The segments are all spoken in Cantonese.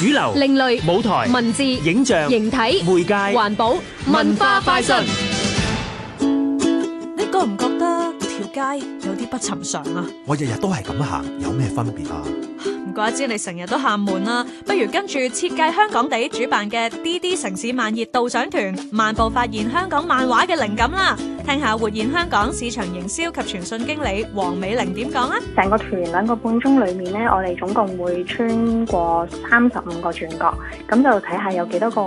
主流、另類、舞台、文字、影像、形體、媒介、環保、文化快訊。你覺唔覺得條街有啲不尋常啊？我日日都係咁行，有咩分別啊？唔怪之你成日都喊悶啦，不如跟住設計香港地主辦嘅 DD 城市漫熱導賞團，漫步發現香港漫畫嘅靈感啦！聽下活現香港市場營銷及傳訊經理黃美玲點講啊！成個團兩個半鐘裏面呢，我哋總共會穿過三十五個轉角，咁就睇下有幾多個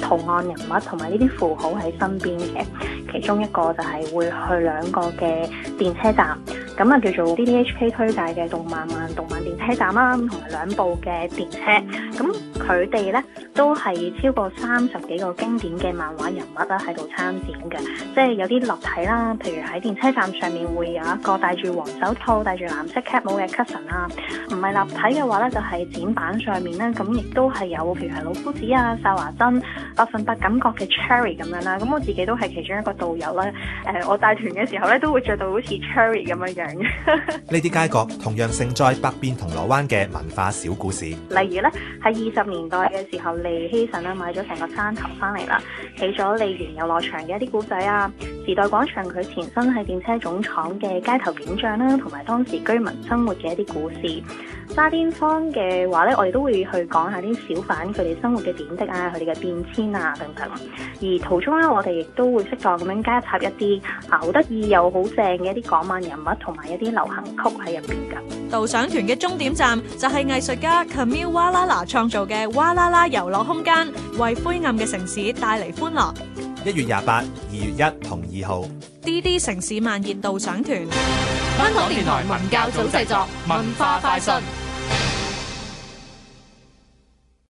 圖案人物同埋呢啲符號喺身邊嘅。其中一個就係會去兩個嘅電車站。咁啊，叫做 D D H K 推介嘅動漫漫動漫電車站啦、啊，同埋兩部嘅電車。咁佢哋咧都係超過三十幾個經典嘅漫畫人物啦，喺度參展嘅。即係有啲立體啦，譬如喺電車站上面會有一個戴住黃手套、戴住藍色 cap 帽嘅 Cousin 啊。唔係立體嘅話咧，就係、是、展板上面咧，咁亦都係有，譬如係老夫子啊、夏華珍、百分百感覺嘅 Cherry 咁樣啦。咁我自己都係其中一個導遊啦。誒、呃，我帶團嘅時候咧，都會着到好似 Cherry 咁樣嘅。呢 啲街角同樣盛載百變銅鑼灣嘅文化小故事，例如咧，喺二十年代嘅時候，利希臣咧買咗成個山頭翻嚟啦，起咗利園遊樂場嘅一啲古仔啊。時代廣場佢前身係電車總廠嘅街頭景象啦，同埋當時居民生活嘅一啲故事。渣甸坊嘅話咧，我哋都會去講下啲小販佢哋生活嘅點滴啊，佢哋嘅變遷啊等等。而途中咧，我哋亦都會適當咁樣加插一啲啊好得意又好正嘅一啲港漫人物同埋一啲流行曲喺入邊噶。導賞團嘅終點站就係藝術家 Camille Wallala 創造嘅哇啦啦遊樂空間，為灰暗嘅城市帶嚟歡樂。一月廿八、二月一同二號，滴滴城市漫遊導賞團。香港電台文教組製作，文化快訊。